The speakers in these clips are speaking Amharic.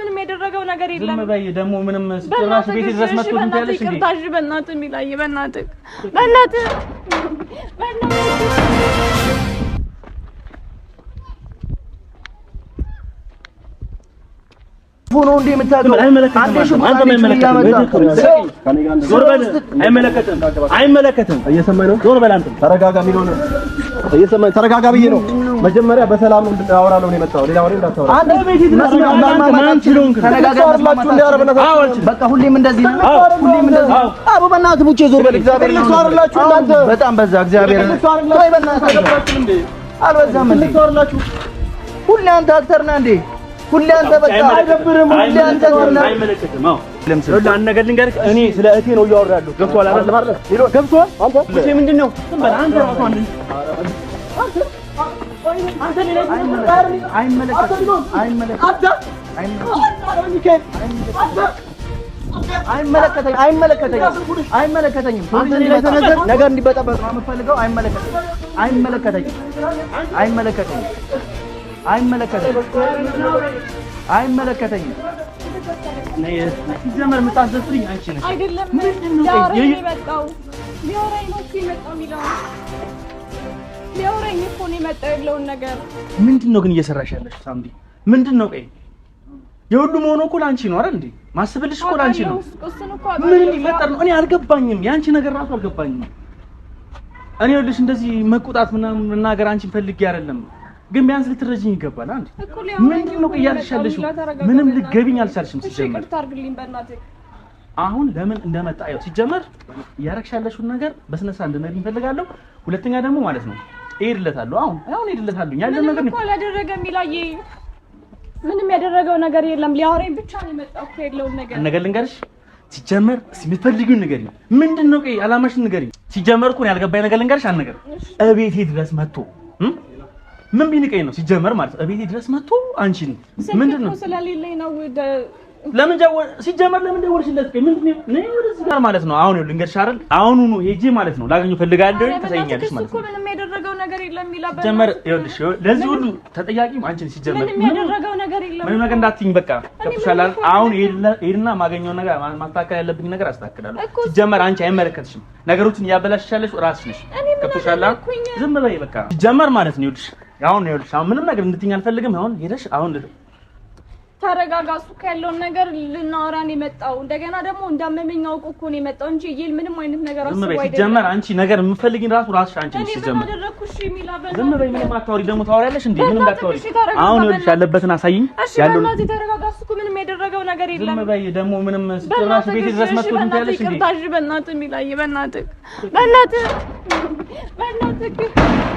ምንም ያደረገው ነገር የለም። ዝም በይ ደግሞ ምንም ጭራሽ ቤት ድረስ መጥቶ ሆኖ እንደ የምታውቀው አይመለከትም። እየሰማኝ ነው። ዞር በል አንተ። ተረጋጋ ብዬ ነው መጀመሪያ በሰላም እንድታወራ ነው የመጣው። ሌላ ወሬ እንዳታወራ። አንተ ቤት በቃ ሁሌም እንደዚህ ነው። ሁሌም እንደዚህ ነው። አቡ ዞር በጣም በዛ። እግዚአብሔር ሁሌ አንተ በቃ አይደብርም። ሁሌ አንተ ነህ። ነገር እኔ ስለ እህቴ ነው እያወራለሁ። ገብቶሃል አይደል? ገብቶሃል። አንተ ምንድን ነው አይመለከተኝም። ነገር እንዲበጠበጥ ነው የምፈልገው። አይመለከተኝም። ሲጀመር የምታስደፍሪኝ አንቺ ነሽ። አይደለም ምንድን ነው የመጣው? ሊያወራኝ ነው እኮ የመጣው የሚለው ሊያወራኝ እኮ ነው የመጣው ያለውን ነገር። ምንድን ነው ግን እየሰራሽ ያለሽ ሳምዲ? ምንድን ነው ቆይ የሁሉም ሆኖ እኮ ላንቺ ነው አይደል እንዴ? ማስብልሽ እኮ ላንቺ ነው። ምን እንዲፈጠር ነው? እኔ አልገባኝም። የአንቺ ነገር ራሱ አልገባኝም። እኔ ይኸውልሽ እንደዚህ መቆጣት ምናምን መናገር አንቺን ፈልጌ አይደለም፣ ግን ቢያንስ ልትረጅኝ ይገባል። አንድ ምንድን ነው እያልሽ ያለሽው? ምንም ልትገቢኝ አልቻልሽም። ሲጀመር አሁን ለምን እንደመጣ ያው ሲጀመር እያረግሽ ያለሽውን ነገር በስነ ስርዓት እንድነግሪኝ እፈልጋለሁ። ሁለተኛ ደግሞ ማለት ነው እሄድለታለሁ። አሁን አሁን እሄድለታለሁ። ያለ ነገር ነው አላደረገም ይላዬ። ምንም ያደረገው ነገር የለም። ሊያወራኝ ብቻ ነው የመጣው። የለውን ነገር ነገር ልንገርሽ ሲጀመር የምትፈልጊውን ንገሪኝ። ምንድን ነው ቆይ አላማሽን ንገሪኝ። ሲጀመር እኮ ያልገባኝ ነገር ልንገርሽ፣ አንድ ነገር እቤቴ ድረስ መጥቶ ምን ቢንቀኝ ነው ሲጀመር ማለት ነው። እቤቴ ድረስ መጥቶ አንቺን ምንድን ነው ስለሌለኝ ነው ለምን ጃው ሲጀመር ለምን ደወልሽለት? ቆይ ምንድን ነው ነይ ወደዚህ ጋር ማለት ነው። አሁን ልንገርሽ አይደል፣ አሁኑኑ ሄጄ ማለት ነው ላገኙ ፈልጋለሁ። ተሰኛለሽ ማለት ነው ነገር የለም ይላበል ጀመር። ይኸውልሽ ለዚህ ሁሉ ተጠያቂ አንቺን ሲጀመር ምንም ያደረገው ነገር የለም። ምንም ነገር እንዳትይኝ በቃ ገብቶሻል። አሁን ሄድና ነገር ማስተካከል ያለብኝ ነገር አስተካክላለሁ። ሲጀመር አንቺ አይመለከትሽም። ነገሮችን እያበላሽሽ ያለሽ ራስሽ ነሽ። ገብቶሻል። ዝም በይ በቃ ሲጀመር ማለት ነው። ይኸውልሽ አሁን ይኸውልሽ አሁን ምንም ነገር እንድትይኝ አልፈልግም። አሁን ሄደሽ አሁን ተረጋጋ። እሱ ያለውን ነገር ልናወራ ነው የመጣው። እንደገና ደግሞ እንዳመመኝ አውቆ እኮ ነው የመጣው እንጂ ይል ምንም አይነት ነገር አስቦ አይደለም። ጀመር አንቺ ነገር የምፈልጊኝ ራሱ ራስሽ አንቺ ነሽ። ሲጀመር ዝም በይ፣ ምንም አታወሪ። ደግሞ ታወሪያለሽ እንዴ? ምንም አታወሪ። አሁን ይኸውልሽ ያለበትን አሳይኝ። ያለው እዚህ ተረጋጋ። እሱ ምንም ያደረገው ነገር የለም። ዝም በይ ደግሞ ምንም ስትራሽ ቤት ድረስ መጥቶ እንት ያለሽ እንዴ? ታጅ በእናትህ በእናትህ በእናትህ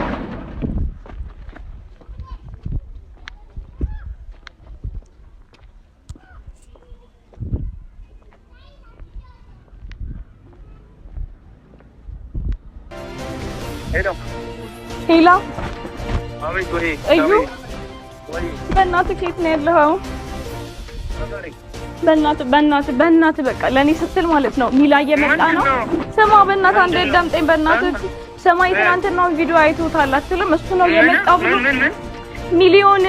ሄላ እዩ በእናትህ ከየት ነው ያለኸው? በእናትህ በእናትህ በእናትህ በቃ ለእኔ ስትል ማለት ነው። ሚላ እየመጣ ነው። ስማ በእናትህ አንዴ ደምጤኝ። በእናትህ ስማ የትናንትናውን ቪዲዮ አይቶታል አትልም? እሱ ነው የመጣው ብሎ ሚሊዮን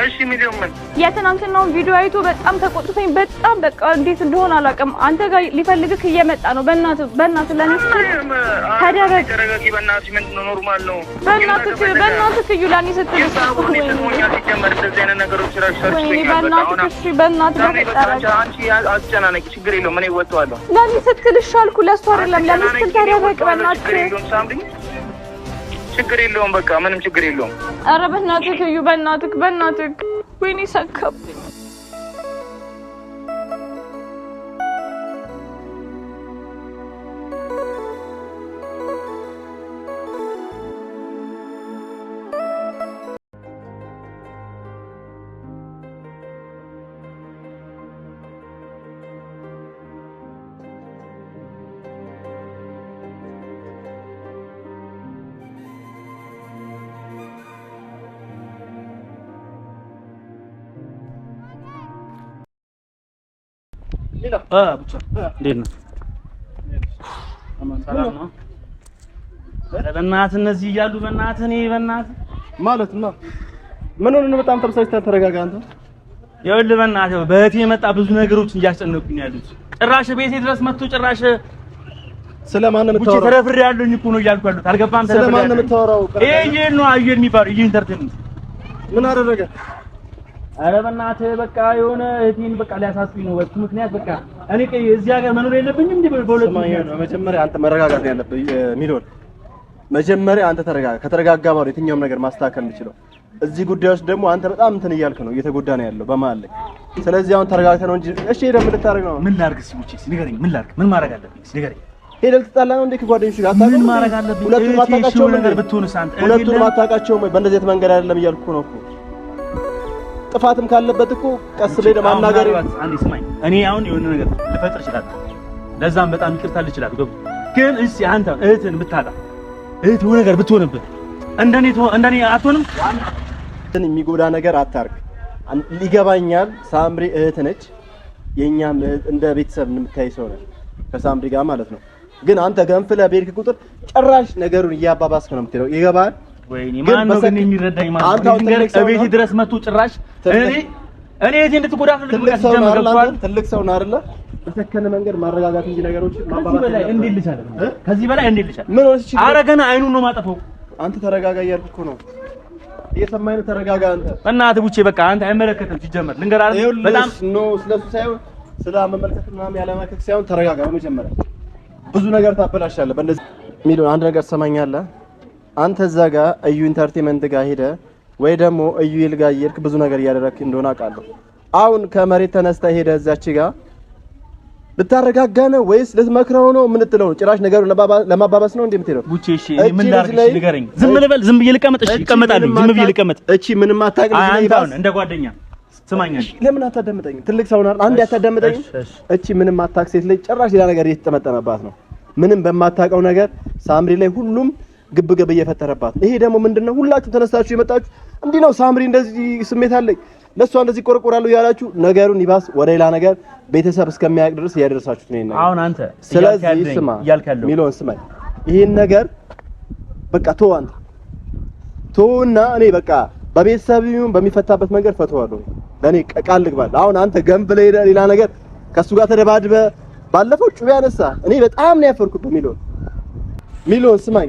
እሺ ሚሊዮን የትናንትናውን ቪዲዮ አይቶ በጣም ተቆጥቶኝ፣ በጣም በቃ እንዴት እንደሆነ አላውቅም። አንተ ጋር ሊፈልግህ እየመጣ ነው። በእናትህ በእናትህ ለነሱ ተደረግ ተረጋጊ። በእናትህ ምን ነው ስትል ችግር ስትል እሺ አልኩህ። አይደለም ለእኔ ተደረግ በእናትህ ችግር የለውም። በቃ ምንም ችግር የለውም። ኧረ በእናትህ እዩ፣ በእናትህ በእናትህ ወይኔ ሰካብኝ። በእናትህ እነዚህ እያሉ በእናትህ እኔ በእናትህ ማለት ነው። ምን ሆነህ በጣም ተብሳጭተህ ተረጋጋ። አንተ ይኸውልህ፣ በእናትህ በእህቴ የመጣ ብዙ ነገሮች እያስጨነቁኝ ያሉት ጭራሽ ቤቴ ድረስ መጥቶ ጭራሽ ስለማን ነው የምታወራው? ተረፍሬ ያለሁኝ እኮ ነው እያልኩ ያሉት። አልገባህም? ስለማን ነው የምታወራው? ይሄ ይሄን ነው አየህ የሚባለው ይሄ ኢንተርቴንመንት ምን አደረገ? ኧረ በእናትህ በቃ የሆነ እህቴን በቃ ሊያሳስቡኝ ነው። በሱ ምክንያት በቃ እኔ ቀይ እዚህ ሀገር መኖር የለብኝም እንዴ? በሁለት መጀመሪያ አንተ መረጋጋት ያለብህ ሚሊዮን። መጀመሪያ አንተ ተረጋጋ። ከተረጋጋ በኋላ የትኛውም ነገር ማስተካከል የምችለው። እዚህ ጉዳይ ውስጥ ደግሞ አንተ በጣም እንትን እያልክ ነው፣ እየተጎዳ ነው ያለው በመሀል ላይ። ስለዚህ አሁን ተረጋግተህ ነው እንጂ እሺ፣ ሄደህ ምን ልታደርግ ነው? ምን ላድርግ እስኪ ውጪ፣ ንገረኝ። ምን ላድርግ? ምን ማድረግ አለብኝ? እስኪ ንገረኝ። ሄደህ ልትጣላ ነው እንዴ ከጓደኞች ጋር? አታውቅም? ምን ማድረግ አለብኝ? ሁለቱንም አታውቃቸውም? በእንደዚህ አይነት መንገድ አይደለም እያልኩ ነው እኮ ጥፋትም ካለበት እኮ ቀስ ብለህ ለማናገር አንዴ ስማኝ። እኔ አሁን የሆነ ነገር ልፈጥር እችላለሁ፣ ለዛም በጣም ይቅርታ ልችላለሁ። ገብ ግን እሺ፣ አንተ እህትን ብታጣ እህት የሆነ ነገር ብትሆንብህ እንደኔ እንደኔ አትሆንም። እንትን የሚጎዳ ነገር አታርግ። ይገባኛል። ሳምሪ እህት ነች፣ የእኛም እንደ ቤተሰብ የምታይ ሰው ነች፣ ከሳምሪ ጋር ማለት ነው። ግን አንተ ገንፍለህ በሄድክ ቁጥር ጭራሽ ነገሩን እያባባስክ ነው የምትሄደው። ይገባሃል? ወይኔ ማን ነው ግን የሚረዳኝ? ማለት ነው ቤቴ ድረስ መጥቶ ጭራሽ እኔ እኔ እዚህ እንድትጎዳ ፈልግ ብለህ ትልቅ ሰው ነው አይደለ? በሰከነ መንገድ ማረጋጋት እንጂ ነገሮችን በላይ እንዴት ልቻለህ? ከዚህ በላይ እንዴት ልቻለህ? ምን ወስጭ አረገና አይኑን ነው ማጠፈው። አንተ ተረጋጋ እያልኩ ነው። እየሰማኝ ነው። ተረጋጋ አንተ። በእናትህ ቡቼ በቃ አንተ አይመለከትም። ሲጀመር ልንገር አይደል? በጣም ነው ስለሱ ሳይሆን ስለ መመልከት ምናምን ያለማከክ ሳይሆን ተረጋጋ። በመጀመሪያ ብዙ ነገር ታበላሻለህ። በእንደዚህ ሚሊዮን አንድ ነገር ትሰማኛለህ አንተ እዛ ጋ እዩ ኢንተርቴንመንት ጋር ሄደ ወይ ደግሞ እዩ ይልጋ ጋር እየሄድክ ብዙ ነገር እያደረክ እንደሆነ አውቃለሁ። አሁን ከመሬት ተነስተ ሄደ እዛች ጋ ልታረጋጋ ነው ወይስ ልትመክረው ነው? ምን ትለው ጭራሽ ነገሩ ለማባባስ ነው እንዴ የምትለው? ጉቺ እሺ፣ ምን ላድርግሽ ንገረኝ። ዝም ልበል? ዝም ብዬ ልቀመጥ? እሺ ይቀመጣል። ዝም ብዬ ልቀመጥ? እቺ ምንም አታውቅም። አንተ እንደ ጓደኛ ስማኛል። ለምን አታዳምጠኝም? ትልቅ ሰው ነው አንዴ አታዳምጠኝም። እቺ ምንም አታውቅ ሴት ላይ ጭራሽ ሌላ ነገር እየተጠመጠመባት ነው። ምንም በማታውቀው ነገር ሳምሪ ላይ ሁሉም ግብግብ እየፈጠረባት ይሄ ደግሞ ምንድነው? ሁላችሁ ተነሳችሁ የመጣችሁ እንዲህ ነው። ሳምሪ እንደዚህ ስሜት አለኝ ለእሷ እንደዚህ ቆረቆራለሁ ያላችሁ ነገሩን ይባስ ወደ ሌላ ነገር ቤተሰብ እስከሚያውቅ ድረስ እያደረሳችሁት ነው። አሁን አንተ ስለዚህ ስማ ሚለውን ስማ፣ ይሄን ነገር በቃ ተው አንተ ተውና እኔ በቃ በቤተሰብም በሚፈታበት መንገድ ፈተዋለሁ። ለኔ ቃል ልግባል። አሁን አንተ ገንብ ላይ ሌላ ነገር ከሱ ጋር ተደባድበ ባለፈው ጩቤ ያነሳ እኔ በጣም ነው ያፈርኩት። ሚሊዮን ሚሊዮን ስማኝ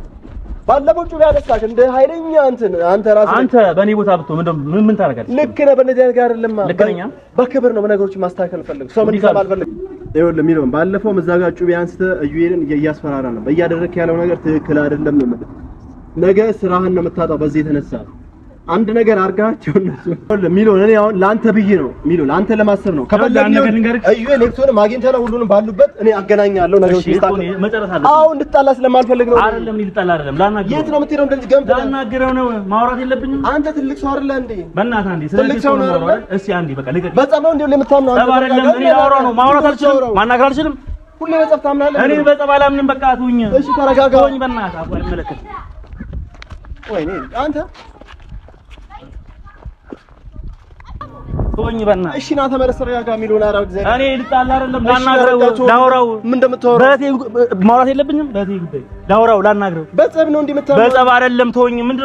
ባለፈው ጩቤ ያነሳሽ እንደ ኃይለኛ እንትን አንተ ራስህ አንተ በእኔ ቦታ ብትሆን ምን ምን ምን ታደርጋለህ? ልክ ነህ። በእንደዚህ አይነት ጋር አይደለም። ልክ ነኝ። በክብር ነው ነገሮችን ማስተካከል ፈልግ። ሰው ምን ይሰማል ፈልግ። ይኸውልህ የሚለውን ባለፈው እዛ ጋር ጩቤ አንስተህ እዩዬን እያስፈራራ ነው። እያደረግህ ያለው ነገር ትክክል አይደለም። ነገ ስራህን ነው የምታጣው በዚህ የተነሳ አንድ ነገር አድርጋቸው እነሱ ሚሊዮን እኔ አሁን ላንተ ብዬ ነው ሚሊዮን ላንተ ለማሰብ ነው ኤሌክትሮን አግኝተህ ነው ሁሉንም ባሉበት እኔ አገናኛለሁ ነገር መጨረሻ አለ ነገሮች እንድጣላ ስለማልፈልግ ነው አይደለም ልጣላ አይደለም ላናገር የት ነው የምትሄደው እንደዚህ ገምተህ ላናግረው ነው ማውራት የለብኝም አንተ ትልቅ ሰው አይደለ እንዴ በእናትህ አንዴ ትልቅ ሰው ነው አይደለ እሺ አንዴ በቃ ልቀቅ በጸብ ነው እንዴ የምታምነው አንተ አይደለም እኔ ላወራው ነው ማውራት አልችልም ማናገር አልችልም ሁሌ በጸብ ታምናለህ እኔ በጸብ አላምንም በቃ አትሁኝ እሺ ተረጋጋ ሆኝ በእናትህ አቋል መለከት ወይኔ አንተ ተወኝ በእናትህ። እሺ ና ተመለስ፣ ተረጋጋ። የሚለውን አራው እግዚአብሔር እኔ ልጣላ አይደለም ላናግረው፣ ላውራው። ምን እንደምታወራው በእቴ ማውራት የለብኝም በእቴ ጉዳይ ላውራው፣ ላናግረው። በጸብ ነው እንዲህ የምታወራው? በጸብ አይደለም ተወኝ። ምን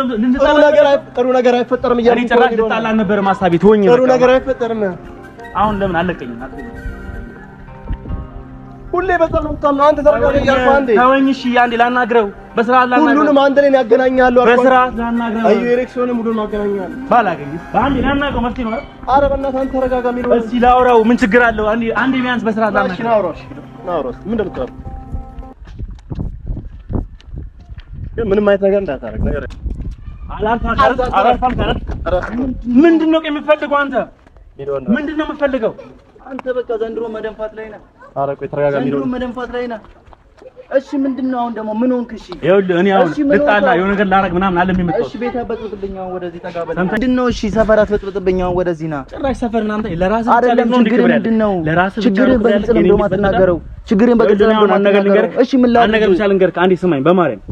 ጥሩ ነገር ጥሩ ነገር አይፈጠርም እያልኩ እኔ ጭራሽ ልጣላ አልነበረም ሀሳቤ። ተወኝ፣ ጥሩ ነገር አይፈጠርም። አሁን ለምን አለቀኝ? ሁሌ በዛ ነው የምታምነው አንተ። ተረጋጋ እያልኩህ አንዴ ተወኝ እሺ። አንዴ ላናግረው በስርዓት ላናግረው። ሁሉንም አንድ ላይ ያገናኛለሁ አልኩህ። በስርዓት ላናግረው። አዩ ኤሬክሲዮንም ሁሉንም አገናኛለሁ። ባላገኝ በአንዴ ላናግረው መፍትሄ ነው። ኧረ በእናትህ አንተ ተረጋጋ። ነው እስኪ ላውራው። ምን ችግር አለው? አንዴ አንዴ ቢያንስ በስራ ላናግረው። እሺ ላውራው። እሺ ላውራው። ምን እንደምትቀር ምንም አይነት ነገር እንዳታረግ ነገር ምንድን ነው የምትፈልገው አንተ? ምንድን ነው የምትፈልገው አንተ? በቃ ዘንድሮ መደንፋት ላይ ነህ ኧረ ቆይ ተረጋጋ። የሚለውን መደንፋት ላይ ነህ። እሺ ምንድን ነው አሁን ደግሞ ምን ሆንክ? እሺ ይኸውልህ እኔ አሁን ልጣላ የሆነ ነገር ላደርግ ምናምን አለ የሚመጣው። እሺ ቤት አትበጥብጥብኝ አሁን ወደዚህ ጠጋ ምንድን ነው እሺ ሰፈር አትበጥብጥብኝ አሁን ወደዚህ ና። ጭራሽ ሰፈር ምናምን ለራስህ አይደለም። ችግርህ ምንድን ነው? ችግርህን በግልጽ ነው እንደውም አትናገረው። ችግርህን በግልጽ ነው እንደውም አትናገረው። እሺ ምን ላድርግ? ነገር ብቻ ልንገርህ። አንዴ ስማኝ በማርያም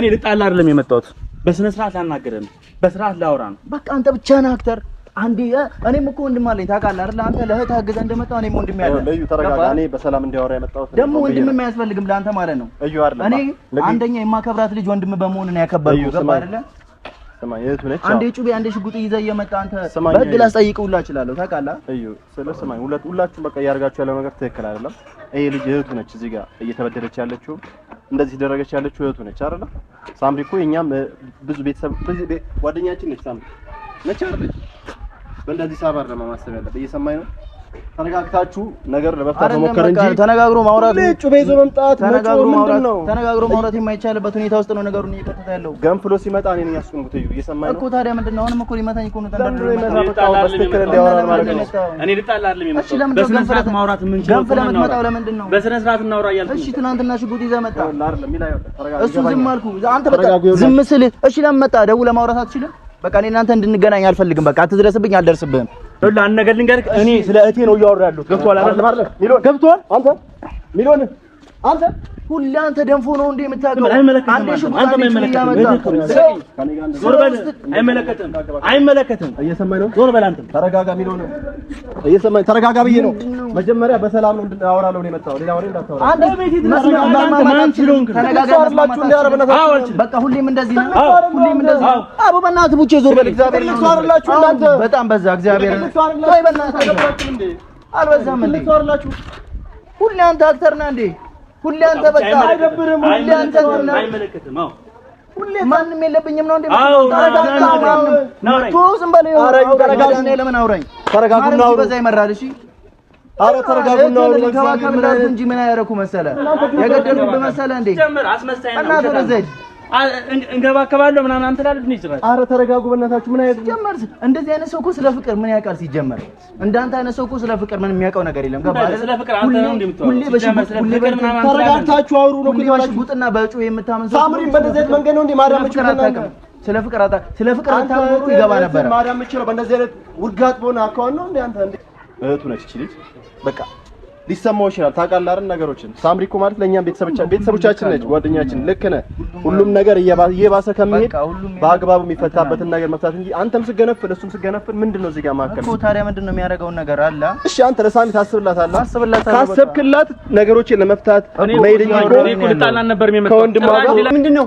እኔ ልጣላ አይደለም የመጣሁት። በስነ ስርዓት ላናገርህ ነው፣ በስርዓት ላወራ ነው። በቃ አንተ ብቻ ነህ አክተር አንዴ እኔም እኮ ወንድም አለኝ ታውቃለህ አይደል? አንተ ለእህት አግዘህ እንደመጣው እኔም ወንድም ያለ ለዩ ተረጋጋ። እኔ በሰላም እንዲያወራ የመጣሁት ደግሞ ወንድም የማያስፈልግም ለአንተ ማለት ነው። እዩ አይደል? እኔ አንደኛ የማከብራት ልጅ ወንድም በመሆን ነው ያከበርኩ። ገባ አይደል? ስማ የቱ ነች? አንዴ ጩቤ አንዴ ሽጉጥ ይዘህ እየመጣ አንተ በህግ ላስጠይቅህ ሁላ እችላለሁ። ታውቃለህ? እዩ ስለ ስማኝ፣ ሁላችሁም በቃ እያደረጋችሁ ያለው ነገር ትክክል አይደለም። ይሄ ልጅ እህቱ ነች። እዚህ ጋር እየተበደለች ያለችው እንደዚህ ደረገች ያለችው እህቱ ነች አይደለ? ሳምሪ እኮ የእኛም ብዙ ቤተሰብ ጓደኛችን ነች። ሳምሪ ነች አይደል? በእንደዚህ ሳባር ለማማሰብ ያለበት። እየሰማኝ ነው። ተነጋግታችሁ ነገር ለመፍታት መሞከር እንጂ ተነጋግሮ ማውራት እጩ በይዞ መምጣት ተነጋግሮ ማውራት ተነጋግሮ ማውራት የማይቻልበት ሁኔታ ውስጥ ነው ነገሩን እየከተተ ያለው። ገንፍሎ ሲመጣ እኔ ነኝ አስቆምኩት። እዩ እየሰማኝ ነው እኮ ታዲያ ምንድን ነው? አሁንም እኮ ሊመታኝ እኮ ነው። ተንደርድሮ ይመጣ በቃ በስተክክል እንዲያወራ ማለት ነው። እኔ ልጣላ አይደለም የመጣው በስነ ስርዓት ማውራት ምን ችግር ገንፍለ የምትመጣው ለምንድን ነው? በስነ ስርዓት እናውራ እያልኩ እሺ። ትናንትና ሽጉጥ ይዘህ መጣ እሱ ዝም አልኩ አንተ በቃ ዝም ስልህ እሺ ለምን መጣ? ደውለህ ማውራት አትችልም? በቃ እኔ እናንተ እንድንገናኝ አልፈልግም። በቃ አትድረስብኝ፣ አልደርስብህም። ይኸውልህ አንድ ነገር ልንገርህ፣ እኔ ስለ እህቴ ነው እያወራሁ ያለሁት። ገብቶሃል አይደል? ገብቶሃል አንተ ሚሊዮን አንተ ሁሌ አንተ ደንፎ ነው እንዴ የምታገባው? አይመለከትም። ተረጋጋ ብዬ ነው። መጀመሪያ በሰላም ነው ነው የመጣው። ሌላ ወሬ እንዳታወራ። ቡቼ ዞር በል። በጣም በዛ። እግዚአብሔር አልበዛም እንዴ? ሁሌ አንተ አክተር ነህ እንዴ? ሁሌ አንተ በቃ አይደብርም። ሁሌ አንተ አይመለከትም። ሁሌ ማንም የለብኝም ነው እንዴ? አዎ ለምን አውራኝ? ተረጋጉና በዛ ይመራል። እሺ አረ እንጂ ምን አያረኩ መሰለ የገደልኩ መሰለ እንዴ? እናት ወደ ዘድ እንገባከባለሁ ምናምን አንተ ላልድ ነው ይችላል። አረ ተረጋጉ በእናታችሁ። ምን አይነት ጀመር! እንደዚህ አይነት ሰው እኮ ስለ ፍቅር ምን ያውቃል? ሲጀመር እንዳንተ አይነት ሰው እኮ ስለ ፍቅር ምን የሚያውቀው ነገር የለም። ገባ አይደል? ስለ አንተ ነው እንደምትወራ ሁሌ በሽሙጥ ሁሌ በሽሙጥ ተረጋግታችሁ አውሩ ነው። ሁሌ በሽሙጥና በጩ የምታምን ሰው ሳምሪን በእንደዚህ አይነት መንገድ ነው እንዴ ማዳመችሁ ተናገሩ። ስለ ፍቅር አታ ስለ ፍቅር አታ ወሩ ይገባ ነበር። ማዳመችሁ ነው በእንደዚህ አይነት ውርጋት በሆነ አካውን ነው እንዴ አንተ እንዴ እህቱ ነች ይችላል በቃ ሊሰማው ይችላል። ታውቃለህ አይደል? ነገሮችን ሳምሪ እኮ ማለት ለእኛም ቤተሰቦቻችን ነች፣ ጓደኛችን። ልክ ነህ። ሁሉም ነገር እየባሰ ከመሄድ በአግባቡ የሚፈታበትን ነገር መፍታት እንጂ አንተም ስገነፍል እሱም ስገነፍል ምንድን ነው እዚህ ጋር መካከል እኮ። ታዲያ ምንድን ነው የሚያደርገውን ነገር አለ። እሺ አንተ ለሳሚ ታስብላታለህ። ካሰብክላት ነገሮችን ለመፍታት መሄድ እንጂ እኮ ከወንድምህ ጋር ምንድን ነው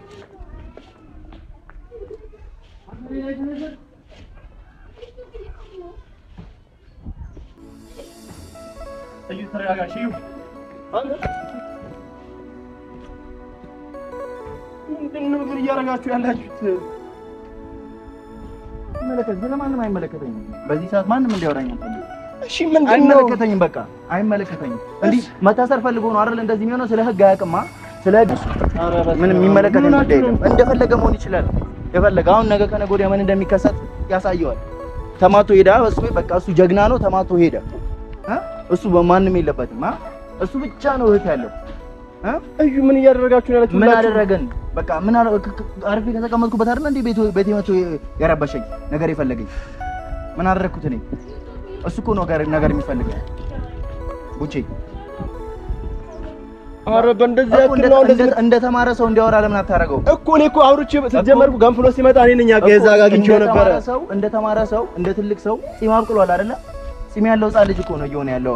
ምንድነው ግን እያደረጋችሁ ያላችሁት? መለከት አይመለከተኝም። በዚህ ሰዓት ማንም እንዲያወራኝ አይመለከተኝም፣ በቃ አይመለከተኝም። እንዲህ መታሰር ፈልጎ ነው አይደል? እንደዚህ የሚሆነው ስለ ህግ አያውቅማ። ስለ ህግ የሚመለከተኝ እንደፈለገ መሆን ይችላል። የፈለገ አሁን ነገ ከነገ ወዲያ ምን እንደሚከሰት ያሳየዋል። ተማቶ ሄዳ እሱ በቃ እሱ ጀግና ነው። ተማቶ ሄዳ እሱ በማንም የለበትም። እሱ ብቻ ነው እህት ያለው። እዩ ምን እያደረጋችሁ ያላችሁ? ምን አደረገን? በቃ ምን አርፌ ከተቀመጥኩበት አይደል እንዴ ቤት ቤት መቶ የረበሸኝ ነገር የፈለገኝ ምን አደረግኩት እኔ? እሱ እኮ ነው ነገር የሚፈልገው ቡቼ አረ በእንደዚህ ያክል ነው። እንደ ተማረ ሰው እንዲያወራ ለምን አታረገው እኮ? እኔ እኮ አውርቼ ስትጀመርኩ ገንፍሎ ሲመጣ እኔ ነኝ ያገዛ እንደ ተማረ ሰው እንደ ትልቅ ሰው ጺም አብቅሏል አይደለ? ጺም ያለው ህጻን ልጅ እኮ ነው እየሆነ ያለው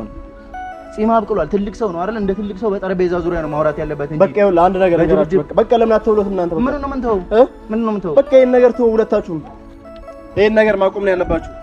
ጺም አብቅሏል፣ ትልቅ ሰው ነው አይደል? እንደ ትልቅ ሰው በጠረጴዛ ዙሪያ ነው ማውራት ያለበት እንጂ። በቃ ይኸውልህ አንድ ነገር በቃ ለምን አትተውሎት እናንተ? ምን ነው ምን ተው? ምን ነው ተው? በቃ ይሄን ነገር ተው፣ ሁለታችሁም ይሄን ነገር ማቆም ነው ያለባችሁ።